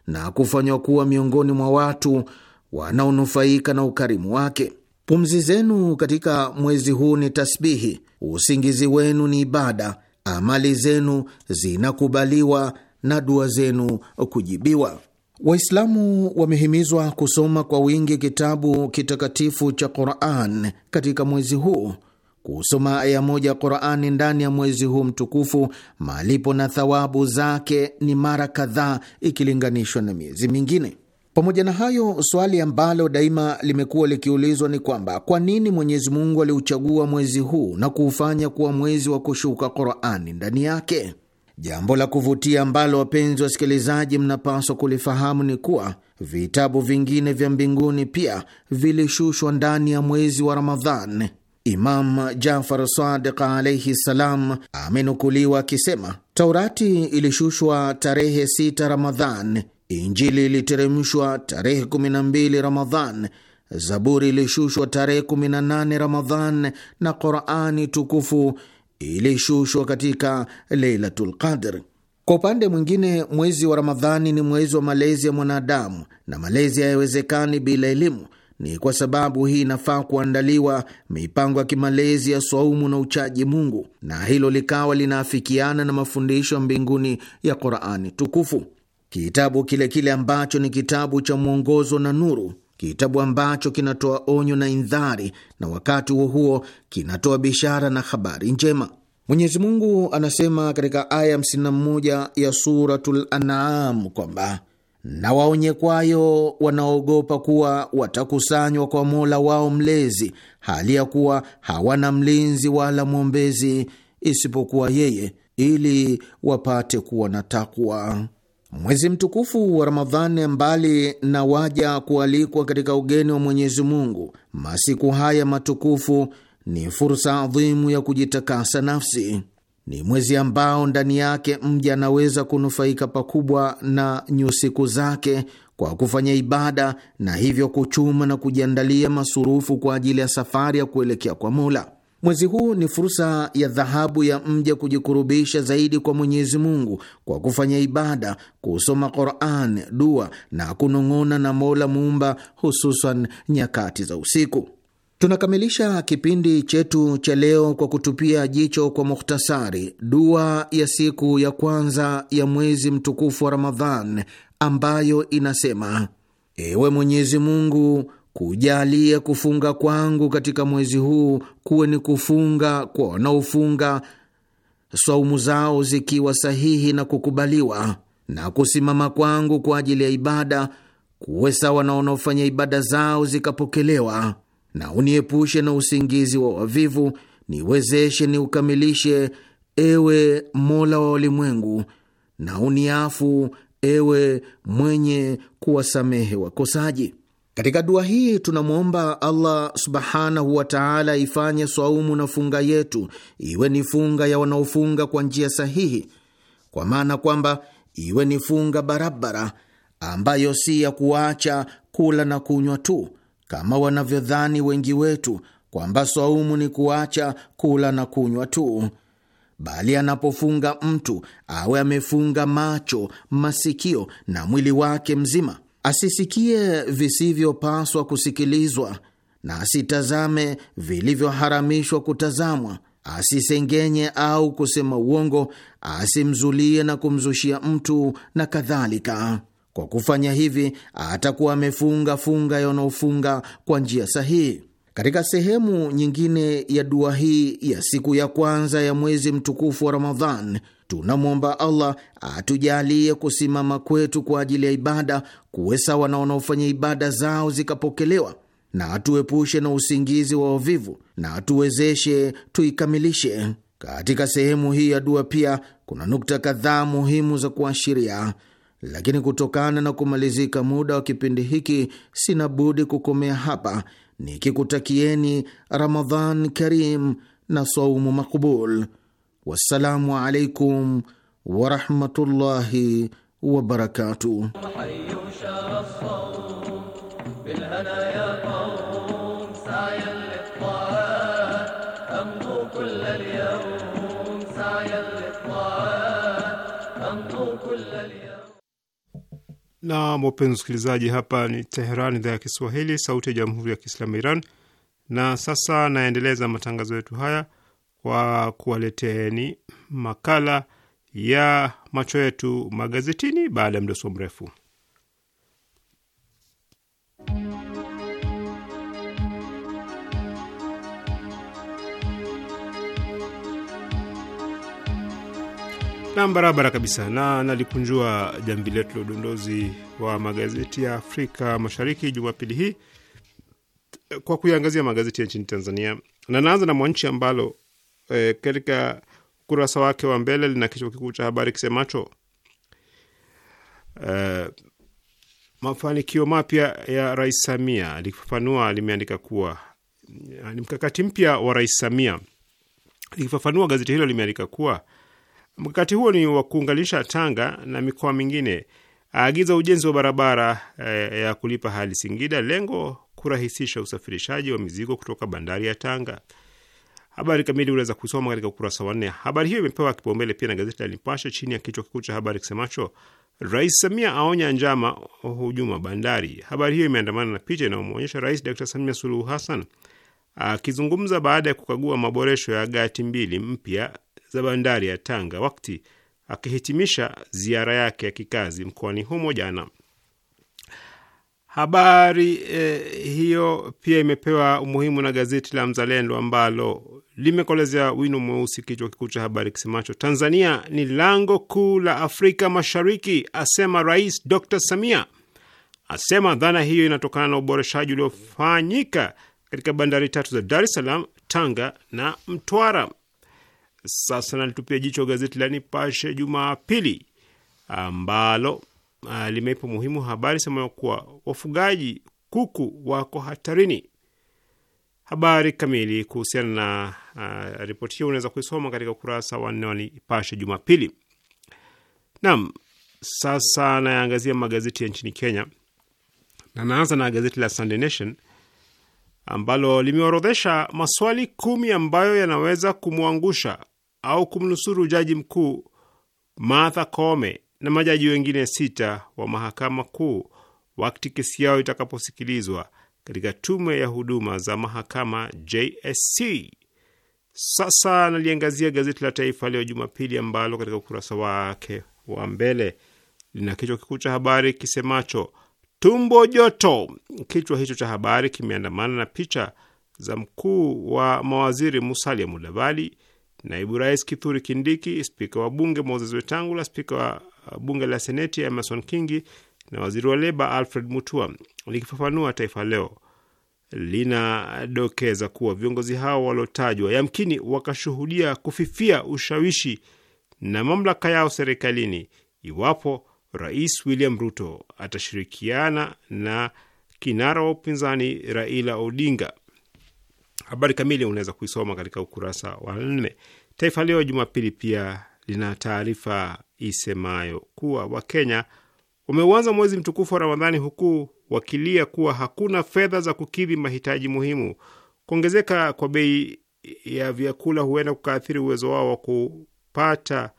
na kufanywa kuwa miongoni mwa watu wanaonufaika na ukarimu wake. Pumzi zenu katika mwezi huu ni tasbihi, usingizi wenu ni ibada, amali zenu zinakubaliwa na dua zenu kujibiwa. Waislamu wamehimizwa kusoma kwa wingi kitabu kitakatifu cha Quran katika mwezi huu. Kusoma aya moja ya Qurani ndani ya mwezi huu mtukufu, malipo na thawabu zake ni mara kadhaa ikilinganishwa na miezi mingine. Pamoja na hayo, swali ambalo daima limekuwa likiulizwa ni kwamba kwa nini Mwenyezi Mungu aliuchagua mwezi huu na kuufanya kuwa mwezi wa kushuka Qurani ndani yake. Jambo la kuvutia ambalo wapenzi wasikilizaji, mnapaswa kulifahamu ni kuwa vitabu vingine vya mbinguni pia vilishushwa ndani ya mwezi wa Ramadhan. Imam Jafar Sadiq alaihi salam amenukuliwa akisema Taurati ilishushwa tarehe 6 Ramadhan, Injili iliteremshwa tarehe 12 Ramadhan, Zaburi ilishushwa tarehe 18 Ramadhan na Qurani tukufu ilishushwa katika Leilatul Qadr. Kwa upande mwingine, mwezi wa Ramadhani ni mwezi wa malezi ya mwanadamu, na malezi hayawezekani bila elimu. Ni kwa sababu hii inafaa kuandaliwa mipango ya kimalezi ya swaumu na uchaji Mungu, na hilo likawa linaafikiana na mafundisho ya mbinguni ya Qurani tukufu kitabu kile kile ambacho ni kitabu cha mwongozo na nuru, kitabu ambacho kinatoa onyo na indhari, na wakati huo huo kinatoa bishara na habari njema. Mwenyezi Mungu anasema katika aya 51 ya Suratul An'am kwamba na waonye kwayo wanaogopa kuwa watakusanywa kwa Mola wao Mlezi, hali ya kuwa hawana mlinzi wala mwombezi isipokuwa yeye, ili wapate kuwa na takwa. Mwezi mtukufu wa Ramadhani, mbali na waja kualikwa katika ugeni wa Mwenyezi Mungu, masiku haya matukufu ni fursa adhimu ya kujitakasa nafsi. Ni mwezi ambao ndani yake mja anaweza kunufaika pakubwa na nyusiku zake kwa kufanya ibada na hivyo kuchuma na kujiandalia masurufu kwa ajili ya safari ya kuelekea kwa Mola. Mwezi huu ni fursa ya dhahabu ya mja kujikurubisha zaidi kwa Mwenyezi Mungu kwa kufanya ibada, kusoma Quran, dua na kunong'ona na Mola Muumba, hususan nyakati za usiku. Tunakamilisha kipindi chetu cha leo kwa kutupia jicho kwa mukhtasari dua ya siku ya kwanza ya mwezi mtukufu wa Ramadhan ambayo inasema: Ewe Mwenyezi Mungu kujalia kufunga kwangu katika mwezi huu kuwe ni kufunga kwa wanaofunga saumu zao zikiwa sahihi na kukubaliwa, na kusimama kwangu kwa ajili ya ibada kuwe sawa na wanaofanya ibada zao zikapokelewa, na uniepushe na usingizi wa wavivu, niwezeshe niukamilishe, ewe Mola wa ulimwengu, na uniafu, ewe mwenye kuwasamehe wakosaji. Katika dua hii tunamwomba Allah subhanahu wa taala ifanye swaumu na funga yetu iwe ni funga ya wanaofunga kwa njia sahihi, kwa maana kwamba iwe ni funga barabara ambayo si ya kuacha kula na kunywa tu kama wanavyodhani wengi wetu kwamba swaumu ni kuacha kula na kunywa tu, bali anapofunga mtu awe amefunga macho, masikio na mwili wake mzima asisikie visivyopaswa kusikilizwa na asitazame vilivyoharamishwa kutazamwa, asisengenye au kusema uongo, asimzulie na kumzushia mtu na kadhalika. Kwa kufanya hivi atakuwa amefunga funga yanaofunga kwa njia sahihi. Katika sehemu nyingine ya dua hii ya siku ya kwanza ya mwezi mtukufu wa Ramadhan, tunamwomba Allah atujalie kusimama kwetu kwa ajili ya ibada kuwe sawa na wanaofanya ibada zao zikapokelewa, na atuepushe na usingizi wa wavivu, na atuwezeshe tuikamilishe. Katika sehemu hii ya dua pia kuna nukta kadhaa muhimu za kuashiria, lakini kutokana na kumalizika muda wa kipindi hiki sina budi kukomea hapa, nikikutakieni Ramadhan karim na saumu makbul. Wassalamu alaikum warahmatullahi wabarakatuh. na wapenzi msikilizaji, hapa ni Teheran, idhaa ya Kiswahili, sauti ya jamhuri ya kiislamu Iran. Na sasa naendeleza matangazo yetu haya kwa kuwaleteni makala ya macho yetu magazetini baada ya mdoso mrefu. Nam, barabara kabisa na nalikunjua jamvi letu la udondozi wa magazeti ya Afrika Mashariki Jumapili hii kwa kuiangazia magazeti ya nchini Tanzania, na naanza na Mwananchi ambalo e, katika ukurasa wake wa mbele lina kichwa kikuu cha habari kisemacho e, mafanikio mapya ya Rais Samia. Likifafanua limeandika kuwa ni mkakati mpya wa Rais Samia. Likifafanua, gazeti hilo limeandika kuwa mkakati huo ni wa kuunganisha Tanga na mikoa mingine, aagiza ujenzi wa barabara e, ya kulipa hali Singida, lengo kurahisisha usafirishaji wa mizigo kutoka bandari ya Tanga. Habari kamili unaweza kusoma katika ukurasa wa nne. Habari hiyo imepewa kipaumbele pia na gazeti la Nipashe chini ya kichwa kikuu cha habari kisemacho Rais Samia aonya njama hujuma bandari. Habari hiyo imeandamana na picha inayomwonyesha Rais Dr Samia Suluhu Hassan akizungumza baada ya kukagua maboresho ya gati mbili mpya za bandari ya Tanga wakati akihitimisha ziara yake ya kikazi mkoani humo jana. Habari eh, hiyo pia imepewa umuhimu na gazeti la Mzalendo ambalo limekolezea wino mweusi kichwa kikuu cha habari kisemacho Tanzania ni lango kuu la Afrika Mashariki, asema Rais Dr Samia. Asema dhana hiyo inatokana na uboreshaji uliofanyika katika bandari tatu za Dar es Salaam, Tanga na Mtwara. Sasa nalitupia jicho gazeti la Nipashe Jumapili ambalo uh, limeipa muhimu habari semayo kuwa wafugaji kuku wako hatarini. Habari kamili kuhusiana na uh, ripoti hiyo unaweza kuisoma katika ukurasa wa nne wa Nipashe Jumapili. Naam, sasa nayaangazia magazeti ya nchini Kenya na naanza na gazeti la Sunday Nation ambalo limeorodhesha maswali kumi ambayo yanaweza kumwangusha au kumnusuru jaji mkuu Martha Koome na majaji wengine sita wa mahakama kuu wakati kesi yao itakaposikilizwa katika tume ya huduma za mahakama JSC. Sasa naliangazia gazeti la Taifa Leo Jumapili ambalo katika ukurasa wake wa mbele lina kichwa kikuu cha habari kisemacho tumbo joto. Kichwa hicho cha habari kimeandamana na picha za mkuu wa mawaziri Musalia Mudavadi, Naibu Rais Kithuri Kindiki, spika wa bunge Moses Wetangula, spika wa uh, bunge la seneti Emerson Kingi na waziri wa leba Alfred Mutua. Likifafanua, Taifa Leo linadokeza kuwa viongozi hao waliotajwa yamkini wakashuhudia kufifia ushawishi na mamlaka yao serikalini iwapo Rais William Ruto atashirikiana na kinara wa upinzani Raila Odinga. Habari kamili unaweza kuisoma katika ukurasa wa nne. Taifa Leo Jumapili pia lina taarifa isemayo kuwa Wakenya wameuanza mwezi mtukufu wa Ramadhani huku wakilia kuwa hakuna fedha za kukidhi mahitaji muhimu. Kuongezeka kwa bei ya vyakula huenda kukaathiri uwezo wao wa kupata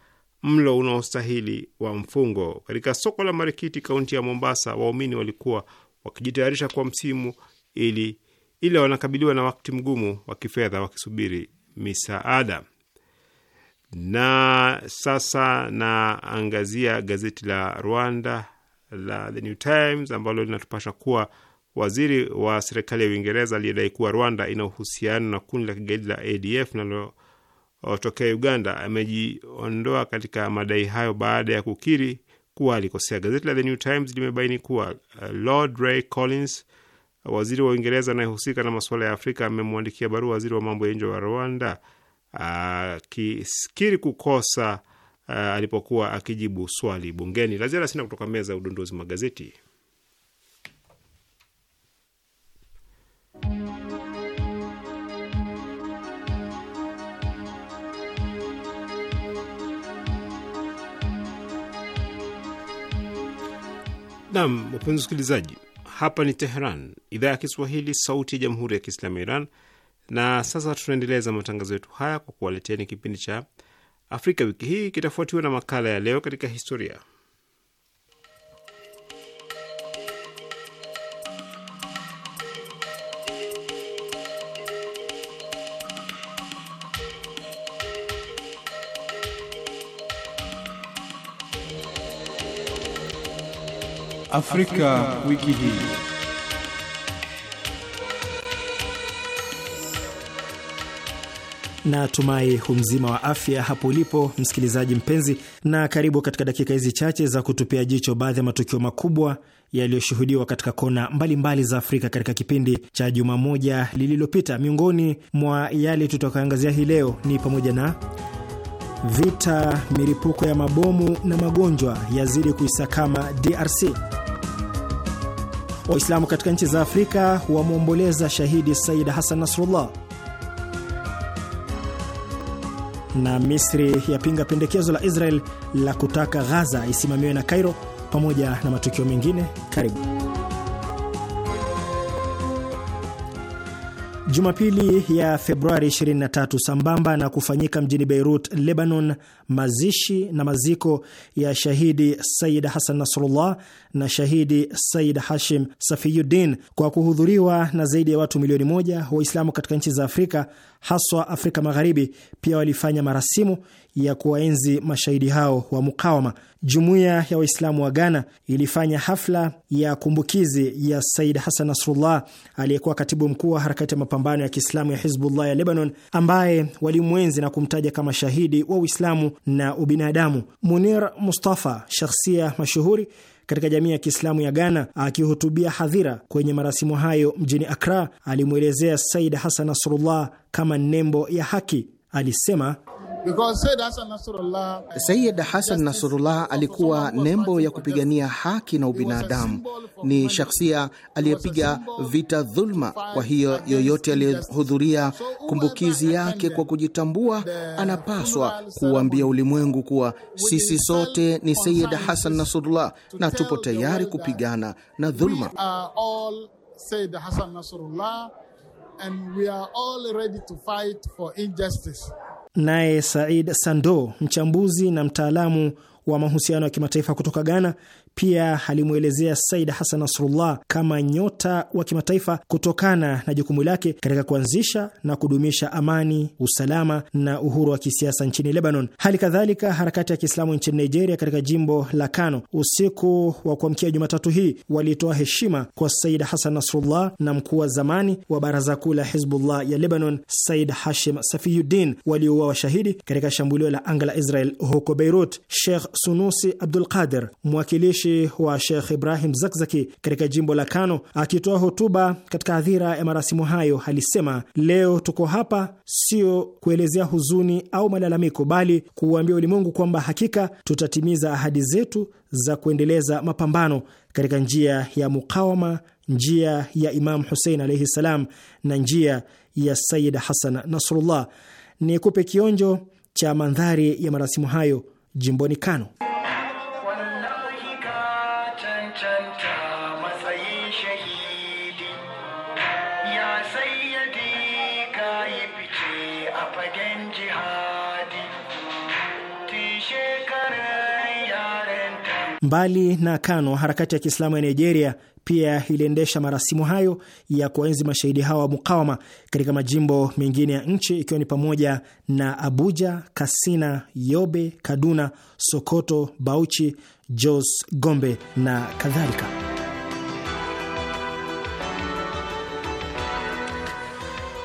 mlo unaostahili wa mfungo. Katika soko la Marikiti, kaunti ya Mombasa, waumini walikuwa wakijitayarisha kwa msimu ili ila wanakabiliwa na wakati mgumu wa kifedha wakisubiri misaada. Na sasa naangazia gazeti la Rwanda la The New Times ambalo linatupasha kuwa waziri wa serikali ya Uingereza aliyedai kuwa Rwanda ina uhusiano na kundi la kigaidi la ADF linalotokea Uganda amejiondoa katika madai hayo baada ya kukiri kuwa alikosea. Gazeti la The New Times limebaini kuwa uh, Lord Ray Collins waziri wa Uingereza anayehusika na, na masuala ya Afrika amemwandikia barua waziri wa mambo ya nje wa Rwanda akisikiri kukosa a, eh, alipokuwa akijibu swali bungeni. La ziada sina kutoka meza ya udondozi magazeti. Nam, wapenzi wasikilizaji hapa ni Teheran, idhaa ya Kiswahili, sauti ya jamhuri ya kiislamu ya Iran. Na sasa tunaendeleza matangazo yetu haya kwa kuwaleteni kipindi cha Afrika wiki hii, kitafuatiwa na makala ya leo katika historia. Afrika, wiki hii. Na tumai humzima wa afya hapo ulipo msikilizaji mpenzi, na karibu katika dakika hizi chache za kutupia jicho baadhi ya matukio makubwa yaliyoshuhudiwa katika kona mbalimbali mbali za Afrika katika kipindi cha juma moja lililopita. Miongoni mwa yale tutakayoangazia hii leo ni pamoja na vita, milipuko ya mabomu na magonjwa yazidi kuisakama DRC. Waislamu katika nchi za Afrika wamwomboleza shahidi Said Hassan Nasrullah, na Misri yapinga pendekezo la Israel la kutaka Ghaza isimamiwe na Kairo, pamoja na matukio mengine. Karibu. Jumapili ya Februari 23 sambamba na kufanyika mjini Beirut, Lebanon, mazishi na maziko ya shahidi sayid Hassan Nasrullah na shahidi sayid Hashim Safiyuddin kwa kuhudhuriwa na zaidi ya watu milioni moja Waislamu katika nchi za Afrika haswa Afrika Magharibi, pia walifanya marasimu ya kuwaenzi mashahidi hao wa mukawama. Jumuiya ya Waislamu wa Ghana ilifanya hafla ya kumbukizi ya Said Hassan Nasrullah, aliyekuwa katibu mkuu wa harakati ya mapambano ya Kiislamu ya Hizbullah ya Lebanon, ambaye walimwenzi na kumtaja kama shahidi wa Uislamu na ubinadamu. Munir Mustafa, shakhsia mashuhuri katika jamii ya Kiislamu ya Ghana. Akihutubia hadhira kwenye marasimu hayo mjini Akra, alimwelezea Said Hasan Nasrullah kama nembo ya haki. Alisema Sayyid Hasan Nasrullah alikuwa nembo ya kupigania haki na ubinadamu, ni shakhsia aliyepiga vita dhulma. Kwa hiyo yoyote aliyehudhuria kumbukizi yake kwa kujitambua, anapaswa kuuambia ulimwengu kuwa sisi sote ni Sayyid Hasan Nasrullah na tupo tayari kupigana na dhulma. and we are all ready to fight for injustice. Naye Said Sando, mchambuzi na mtaalamu wa mahusiano ya kimataifa kutoka Ghana, pia alimwelezea Said Hassan Nasrullah kama nyota wa kimataifa kutokana na jukumu lake katika kuanzisha na kudumisha amani, usalama na uhuru wa kisiasa nchini Lebanon. Hali kadhalika, harakati ya Kiislamu nchini Nigeria katika jimbo la Kano, usiku wa kuamkia Jumatatu hii walitoa heshima kwa Said Hassan Nasrullah na mkuu wa zamani wa baraza kuu la Hizbullah ya Lebanon, Said Hashim Safiyuddin, waliouawa shahidi katika shambulio la anga la Israel huko Beirut. Sheikh Sunusi Abdul Qadir, mwakilishi mwakilishi wa Shekh Ibrahim Zakzaki katika jimbo la Kano. Akitoa hotuba katika hadhira ya marasimu hayo, alisema leo tuko hapa sio kuelezea huzuni au malalamiko, bali kuuambia ulimwengu kwamba hakika tutatimiza ahadi zetu za kuendeleza mapambano katika njia ya mukawama, njia ya Imam Husein alaihi salam na njia ya Sayid Hasan Nasrullah. Ni kupe kionjo cha mandhari ya marasimu hayo jimboni Kano. Mbali na kano harakati ya Kiislamu ya Nigeria pia iliendesha marasimu hayo ya kuwaenzi mashahidi hawa wa mukawama katika majimbo mengine ya nchi ikiwa ni pamoja na Abuja, Katsina, Yobe, Kaduna, Sokoto, Bauchi, Jos, Gombe na kadhalika.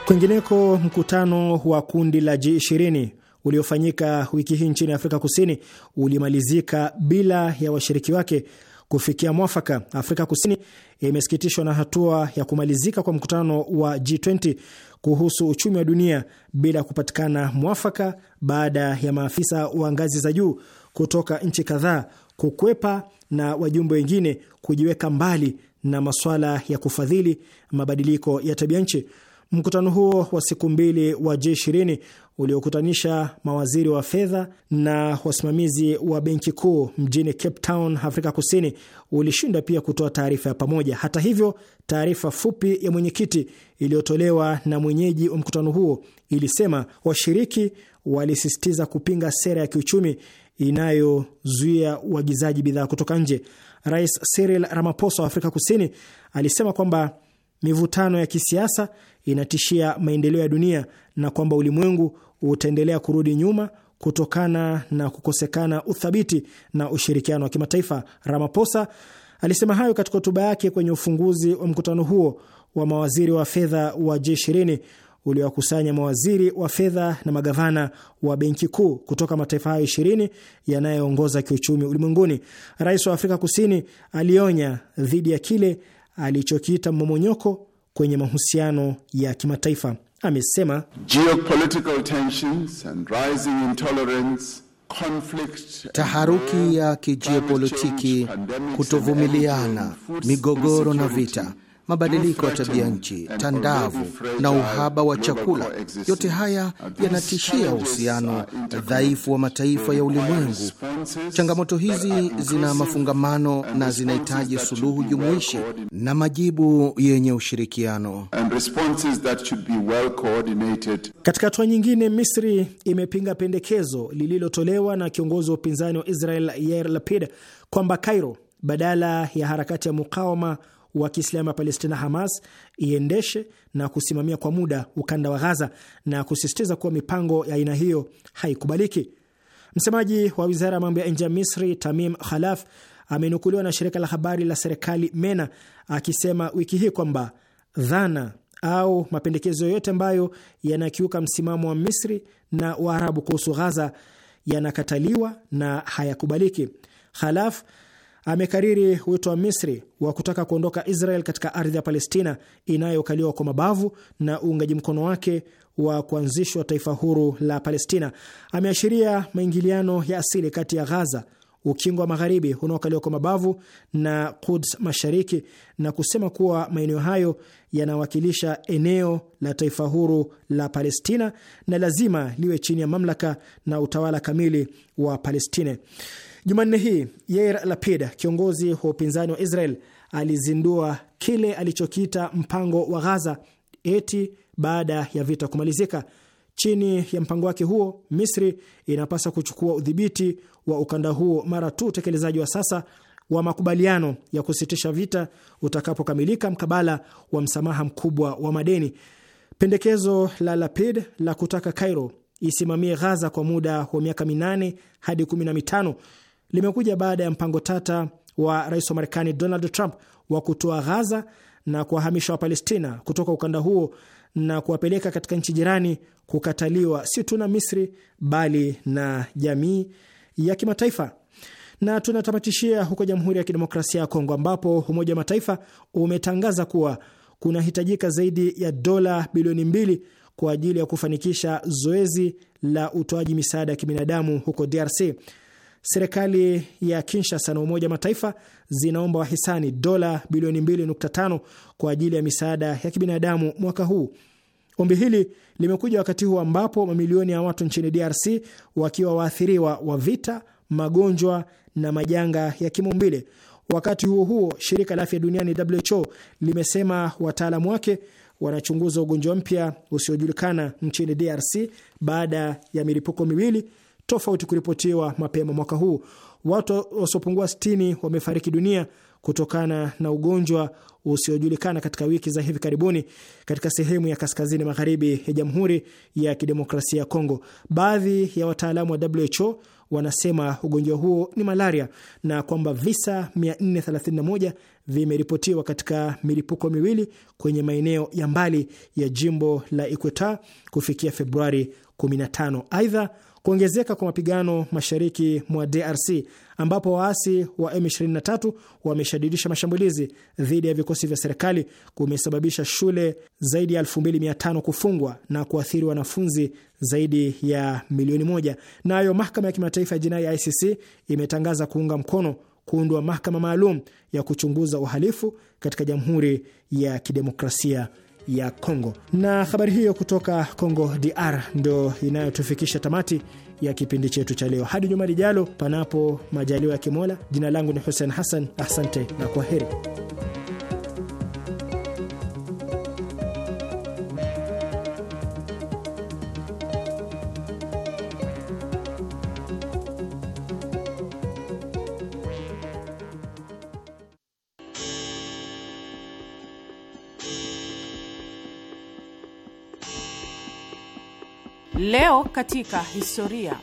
Kwingineko, mkutano wa kundi la G20 uliofanyika wiki hii nchini Afrika Kusini ulimalizika bila ya washiriki wake kufikia mwafaka. Afrika Kusini imesikitishwa na hatua ya kumalizika kwa mkutano wa G20 kuhusu uchumi wa dunia bila kupatikana mwafaka baada ya maafisa wa ngazi za juu kutoka nchi kadhaa kukwepa na wajumbe wengine kujiweka mbali na masuala ya kufadhili mabadiliko ya tabia nchi. Mkutano huo wa siku mbili wa G20 uliokutanisha mawaziri wa fedha na wasimamizi wa benki kuu mjini Cape Town, Afrika Kusini, ulishindwa pia kutoa taarifa ya pamoja. Hata hivyo, taarifa fupi ya mwenyekiti iliyotolewa na mwenyeji wa mkutano huo ilisema washiriki walisisitiza kupinga sera ya kiuchumi inayozuia uagizaji bidhaa kutoka nje. Rais Cyril Ramaphosa wa Afrika Kusini alisema kwamba mivutano ya kisiasa inatishia maendeleo ya dunia na kwamba ulimwengu utaendelea kurudi nyuma kutokana na kukosekana uthabiti na ushirikiano wa kimataifa. Ramaphosa alisema hayo katika hotuba yake kwenye ufunguzi wa mkutano huo wa mawaziri wa fedha wa G20 uliowakusanya mawaziri wa fedha na magavana wa benki kuu kutoka mataifa hayo ishirini yanayoongoza kiuchumi ulimwenguni. Rais wa Afrika Kusini alionya dhidi ya kile alichokiita mmomonyoko kwenye mahusiano ya kimataifa amesema taharuki ya kijiopolitiki, kutovumiliana, migogoro na vita mabadiliko ya tabia nchi, tandavu na uhaba wa chakula. Yote haya yanatishia uhusiano dhaifu wa mataifa ya ulimwengu. Changamoto hizi zina mafungamano na zinahitaji suluhu jumuishi na majibu yenye ushirikiano. Katika hatua nyingine, Misri imepinga pendekezo lililotolewa na kiongozi wa upinzani wa Israel Yair Lapid kwamba Cairo badala ya harakati ya mukawama wa Kiislamu ya Palestina Hamas iendeshe na kusimamia kwa muda ukanda wa Ghaza na kusisitiza kuwa mipango ya aina hiyo haikubaliki. Msemaji wa wizara ya mambo ya nje ya Misri Tamim Khalaf amenukuliwa na shirika la habari la serikali MENA akisema wiki hii kwamba dhana au mapendekezo yoyote ambayo yanakiuka msimamo wa Misri na Waarabu kuhusu Ghaza yanakataliwa na hayakubaliki. Khalaf amekariri wito wa Misri wa kutaka kuondoka Israel katika ardhi ya Palestina inayokaliwa kwa mabavu na uungaji mkono wake wa kuanzishwa taifa huru la Palestina. Ameashiria maingiliano ya asili kati ya Ghaza, ukingo wa magharibi unaokaliwa kwa mabavu na Quds mashariki, na kusema kuwa maeneo hayo yanawakilisha eneo la taifa huru la Palestina na lazima liwe chini ya mamlaka na utawala kamili wa Palestina. Jumanne hii Yair Lapid, kiongozi wa upinzani wa Israel, alizindua kile alichokiita mpango wa Ghaza eti baada ya vita kumalizika. Chini ya mpango wake huo, Misri inapaswa kuchukua udhibiti wa ukanda huo mara tu utekelezaji wa sasa wa makubaliano ya kusitisha vita utakapokamilika, mkabala wa msamaha mkubwa wa madeni. Pendekezo la Lapid la kutaka Cairo isimamie Ghaza kwa muda wa miaka minane hadi kumi na mitano limekuja baada ya mpango tata wa rais wa Marekani Donald Trump wa kutoa Ghaza na kuwahamisha Wapalestina kutoka ukanda huo na kuwapeleka katika nchi jirani, kukataliwa si tu na Misri bali na jamii ya kimataifa. Na tunatamatishia huko Jamhuri ya Kidemokrasia ya Kongo, ambapo Umoja wa Mataifa umetangaza kuwa kunahitajika zaidi ya dola bilioni mbili kwa ajili ya kufanikisha zoezi la utoaji misaada ya kibinadamu huko DRC. Serikali ya Kinshasa na Umoja Mataifa zinaomba wahisani dola bilioni 2.5 kwa ajili ya misaada ya kibinadamu mwaka huu. Ombi hili limekuja wakati huu ambapo mamilioni ya watu nchini DRC wakiwa waathiriwa wa vita, magonjwa na majanga ya kimaumbile. Wakati huo huo, shirika la afya duniani WHO limesema wataalamu wake wanachunguza ugonjwa mpya usiojulikana nchini DRC baada ya milipuko miwili tofauti kuripotiwa mapema mwaka huu. Watu wasiopungua 60 wamefariki dunia kutokana na ugonjwa usiojulikana katika wiki za hivi karibuni katika sehemu ya kaskazini magharibi ya Jamhuri ya Kidemokrasia ya Kongo. Baadhi ya wataalamu wa WHO wanasema ugonjwa huo ni malaria na kwamba visa 431 vimeripotiwa katika milipuko miwili kwenye maeneo ya mbali ya jimbo la Ikweta kufikia Februari 15. Aidha, kuongezeka kwa mapigano mashariki mwa DRC ambapo waasi wa M23 wameshadidisha mashambulizi dhidi ya vikosi vya serikali kumesababisha shule zaidi ya 2500 kufungwa na kuathiri wanafunzi zaidi ya milioni moja. Nayo mahakama ya kimataifa ya jinai ya ICC imetangaza kuunga mkono kuundwa mahakama maalum ya kuchunguza uhalifu katika Jamhuri ya Kidemokrasia ya Kongo. Na habari hiyo kutoka Kongo DR ndo inayotufikisha tamati ya kipindi chetu cha leo. Hadi juma lijalo, panapo majaliwa ya Kimola. Jina langu ni Hussein Hassan, asante na kwa heri. Leo katika historia.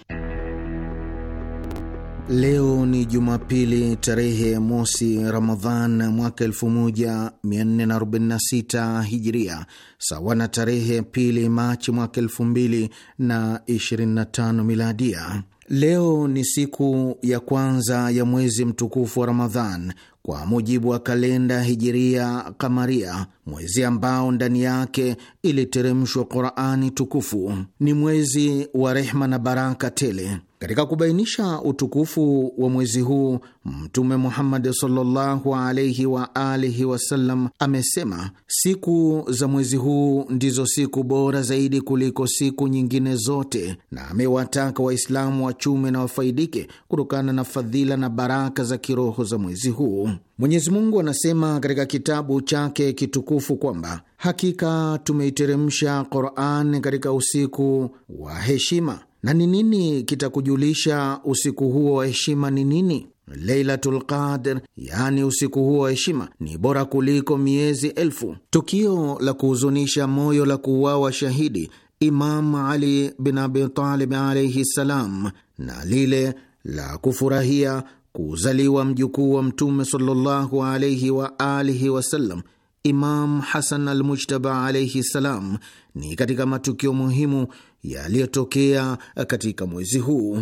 Leo ni Jumapili tarehe mosi Ramadhan mwaka 1446 Hijria, sawa na tarehe pili Machi mwaka 2025 Miladia. Leo ni siku ya kwanza ya mwezi mtukufu wa Ramadhan kwa mujibu wa kalenda hijiria kamaria, mwezi ambao ndani yake iliteremshwa Qurani tukufu. Ni mwezi wa rehma na baraka tele katika kubainisha utukufu wa mwezi huu Mtume Muhammad sallallahu alaihi wa alihi wasallam amesema, siku za mwezi huu ndizo siku bora zaidi kuliko siku nyingine zote, na amewataka Waislamu wachume na wafaidike kutokana na fadhila na baraka za kiroho za mwezi huu. Mwenyezi Mungu anasema katika kitabu chake kitukufu kwamba hakika tumeiteremsha Qurani katika usiku wa heshima na ni nini kitakujulisha usiku huo wa heshima ni nini? Lailatul Qadr, yaani usiku huo wa heshima, ni bora kuliko miezi elfu. Tukio la kuhuzunisha moyo la kuuawa shahidi Imam Ali bin Abi Talib alaihi ssalam, na lile la kufurahia kuzaliwa mjukuu wa Mtume sallallahu alaihi wa alihi wasallam Imam Hasan Almujtaba alaihi ssalam ni katika matukio muhimu yaliyotokea katika mwezi huu.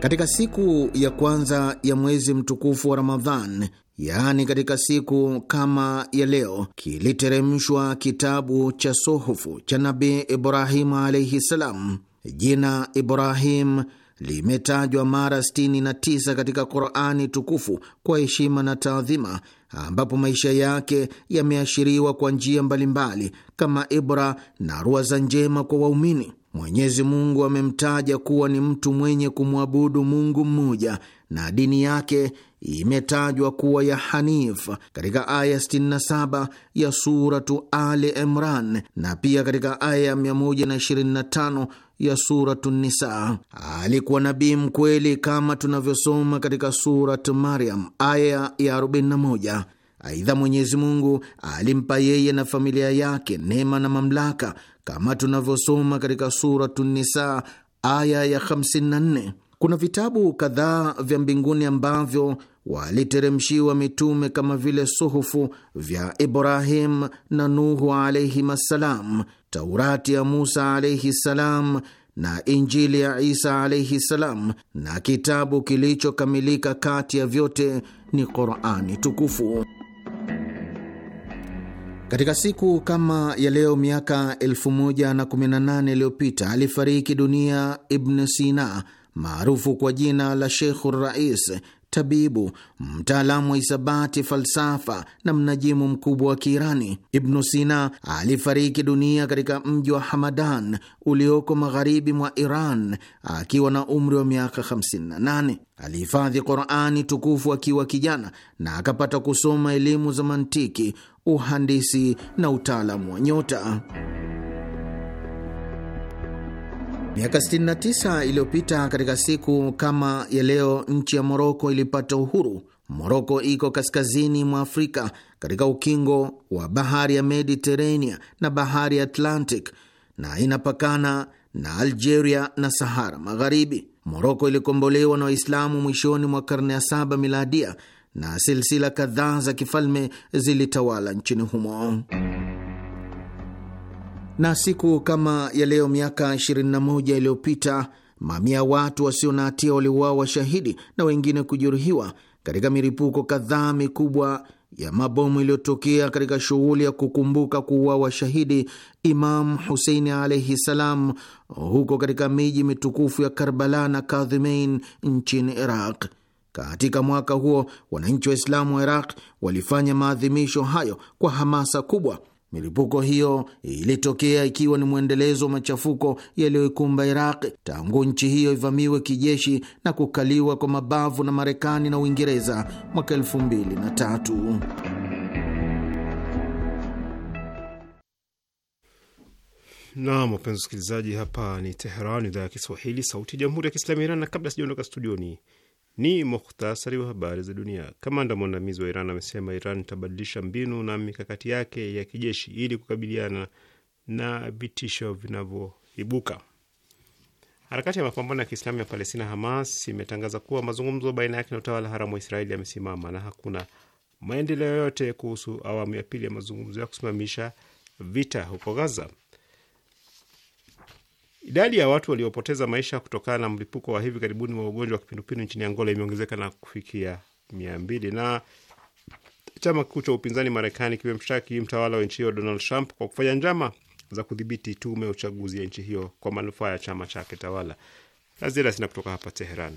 Katika siku ya kwanza ya mwezi mtukufu wa Ramadhan, yaani katika siku kama ya leo, kiliteremshwa kitabu cha sohofu cha nabi Ibrahimu alaihi ssalam. Jina Ibrahim limetajwa mara 69 katika Qurani tukufu kwa heshima na taadhima, ambapo maisha yake yameashiriwa kwa njia mbalimbali kama ibra na ruwaza njema kwa waumini. Mwenyezi Mungu amemtaja kuwa ni mtu mwenye kumwabudu Mungu mmoja na dini yake imetajwa kuwa ya Hanif katika aya 67 ya Suratu Ali Imran na pia katika aya 125 ya Suratu Nisa. Alikuwa nabii mkweli kama tunavyosoma katika surat Maryam aya ya 41. Aidha, Mwenyezi Mungu alimpa yeye na familia yake neema na mamlaka kama tunavyosoma katika Suratu Nisa aya ya 54. Kuna vitabu kadhaa vya mbinguni ambavyo waliteremshiwa mitume kama vile suhufu vya Ibrahim na Nuhu alaihim assalam, Taurati ya Musa alaihi ssalam na Injili ya Isa alaihi ssalam, na kitabu kilichokamilika kati ya vyote ni Qurani tukufu. Katika siku kama ya leo miaka 1018 iliyopita alifariki dunia Ibn Sina maarufu kwa jina la Sheikhu Rais, tabibu mtaalamu wa hisabati, falsafa na mnajimu mkubwa wa Kiirani. Ibnu Sina alifariki dunia katika mji wa Hamadan ulioko magharibi mwa Iran akiwa na umri wa miaka 58. Alihifadhi Qurani tukufu akiwa kijana na akapata kusoma elimu za mantiki, uhandisi na utaalamu wa nyota. Miaka 69 iliyopita katika siku kama ya leo, nchi ya Moroko ilipata uhuru. Moroko iko kaskazini mwa Afrika katika ukingo wa bahari ya Mediterania na bahari ya Atlantic na inapakana na Algeria na Sahara Magharibi. Moroko ilikombolewa na Waislamu mwishoni mwa karne ya saba miladia na silsila kadhaa za kifalme zilitawala nchini humo. Na siku kama ya leo miaka 21 iliyopita mamia ya watu wasio na hatia waliuawa washahidi na wengine kujeruhiwa katika miripuko kadhaa mikubwa ya mabomu iliyotokea katika shughuli ya kukumbuka kuuawa shahidi Imam Huseini alaihi salam huko katika miji mitukufu ya Karbala na Kadhimain nchini Iraq. Katika mwaka huo wananchi wa islamu wa Iraq walifanya maadhimisho hayo kwa hamasa kubwa. Milipuko hiyo ilitokea ikiwa ni mwendelezo wa machafuko yaliyoikumba Iraq tangu nchi hiyo ivamiwe kijeshi na kukaliwa kwa mabavu na Marekani na Uingereza mwaka 2003. Naam, wapenzi wasikilizaji, hapa ni Teheran, idhaa ya Kiswahili, sauti ya jamhuri ya kiislamu ya Iran. Na kabla sijaondoka studioni ni muhtasari wa habari za dunia. Kamanda mwandamizi wa Iran amesema Iran itabadilisha mbinu na mikakati yake ya kijeshi ili kukabiliana na vitisho vinavyoibuka. Harakati ya mapambano ya Kiislamu ya Palestina, Hamas, imetangaza kuwa mazungumzo baina yake na utawala haramu wa Israeli yamesimama na hakuna maendeleo yoyote kuhusu awamu ya pili ya mazungumzo ya kusimamisha vita huko Gaza. Idadi ya watu waliopoteza maisha kutokana na mlipuko wa hivi karibuni wa ugonjwa wa kipindupindu nchini Angola imeongezeka na kufikia mia mbili na chama kikuu cha upinzani Marekani kimemshtaki mtawala wa nchi hiyo Donald Trump kwa kufanya njama za kudhibiti tume ya uchaguzi ya nchi hiyo kwa manufaa ya chama chake tawala. Laziada sina kutoka hapa Teheran.